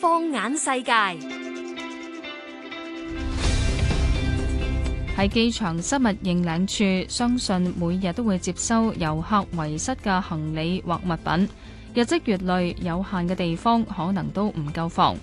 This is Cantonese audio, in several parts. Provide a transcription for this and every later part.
放眼世界，喺機場失物認領處，相信每日都會接收遊客遺失嘅行李或物品，日積月累，有限嘅地方可能都唔夠放。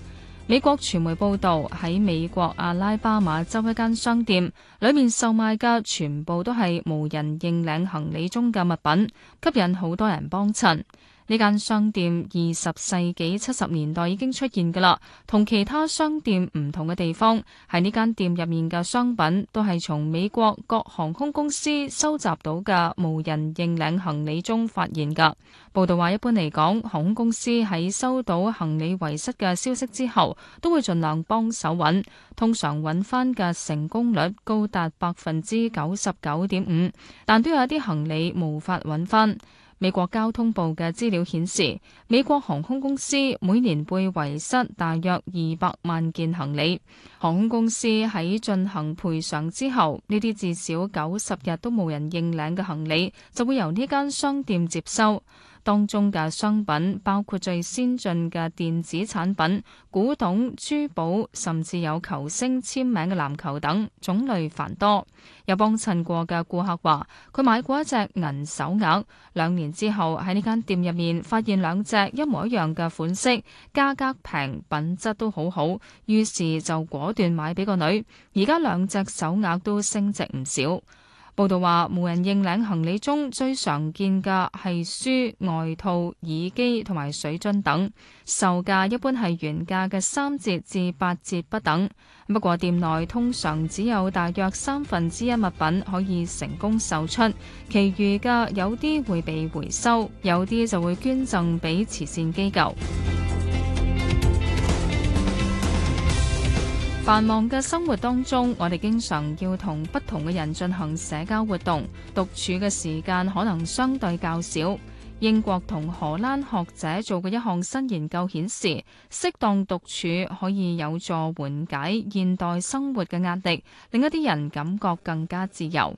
美國傳媒報道，喺美國阿拉巴馬州一間商店，裏面售賣嘅全部都係無人認領行李中嘅物品，吸引好多人幫襯。呢間商店二十世紀七十年代已經出現㗎啦，同其他商店唔同嘅地方係呢間店入面嘅商品都係從美國各航空公司收集到嘅無人認領行李中發現㗎。報道話，一般嚟講，航空公司喺收到行李遺失嘅消息之後，都會盡量幫手揾，通常揾翻嘅成功率高達百分之九十九點五，但都有一啲行李無法揾翻。美國交通部嘅資料顯示，美國航空公司每年被遺失大約二百萬件行李。航空公司喺進行賠償之後，呢啲至少九十日都冇人認領嘅行李，就會由呢間商店接收。當中嘅商品包括最先進嘅電子產品、古董、珠寶，甚至有球星簽名嘅籃球等，種類繁多。有幫襯過嘅顧客話，佢買過一隻銀手鐲，兩年之後喺呢間店入面發現兩隻一模一樣嘅款式，價格平，品質都好好，於是就果斷買俾個女。而家兩隻手鐲都升值唔少。報道話，無人認領行李中最常見嘅係書、外套、耳機同埋水樽等，售價一般係原價嘅三折至八折不等。不過，店內通常只有大約三分之一物品可以成功售出，其餘嘅有啲會被回收，有啲就會捐贈俾慈善機構。繁忙嘅生活當中，我哋經常要同不同嘅人進行社交活動獨處嘅時間可能相對較少。英國同荷蘭學者做嘅一項新研究顯示，適當獨處可以有助緩解現代生活嘅壓力，令一啲人感覺更加自由。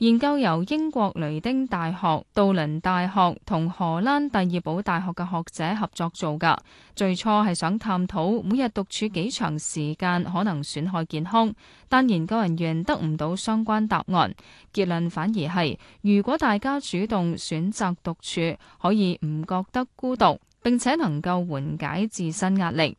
研究由英國雷丁大學、杜倫大學同荷蘭蒂爾堡大學嘅學者合作做噶。最初係想探討每日獨處幾長時間可能損害健康，但研究人員得唔到相關答案。結論反而係，如果大家主動選擇獨處，可以唔覺得孤獨，並且能夠緩解自身壓力。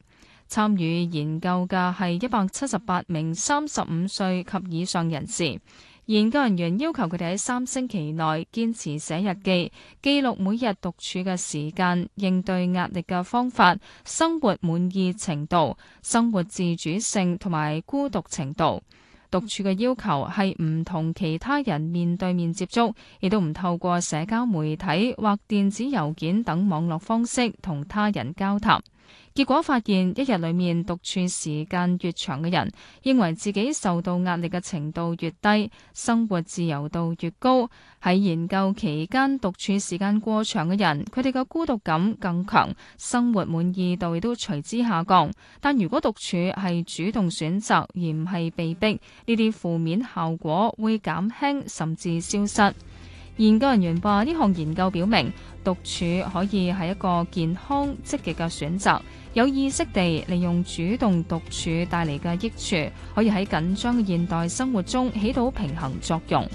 參與研究嘅係一百七十八名三十五歲及以上人士。研究人員要求佢哋喺三星期內堅持寫日記，記錄每日獨處嘅時間、應對壓力嘅方法、生活滿意程度、生活自主性同埋孤獨程度。獨處嘅要求係唔同其他人面對面接觸，亦都唔透過社交媒體或電子郵件等網絡方式同他人交談。結果發現，一日裏面獨處時間越長嘅人，認為自己受到壓力嘅程度越低，生活自由度越高。喺研究期間，獨處時間過長嘅人，佢哋嘅孤獨感更強，生活滿意度亦都隨之下降。但如果獨處係主動選擇而唔係被逼，呢啲負面效果會減輕，甚至消失。研究人員話：呢項研究表明，獨處可以係一個健康積極嘅選擇，有意識地利用主動獨處帶嚟嘅益處，可以喺緊張嘅現代生活中起到平衡作用。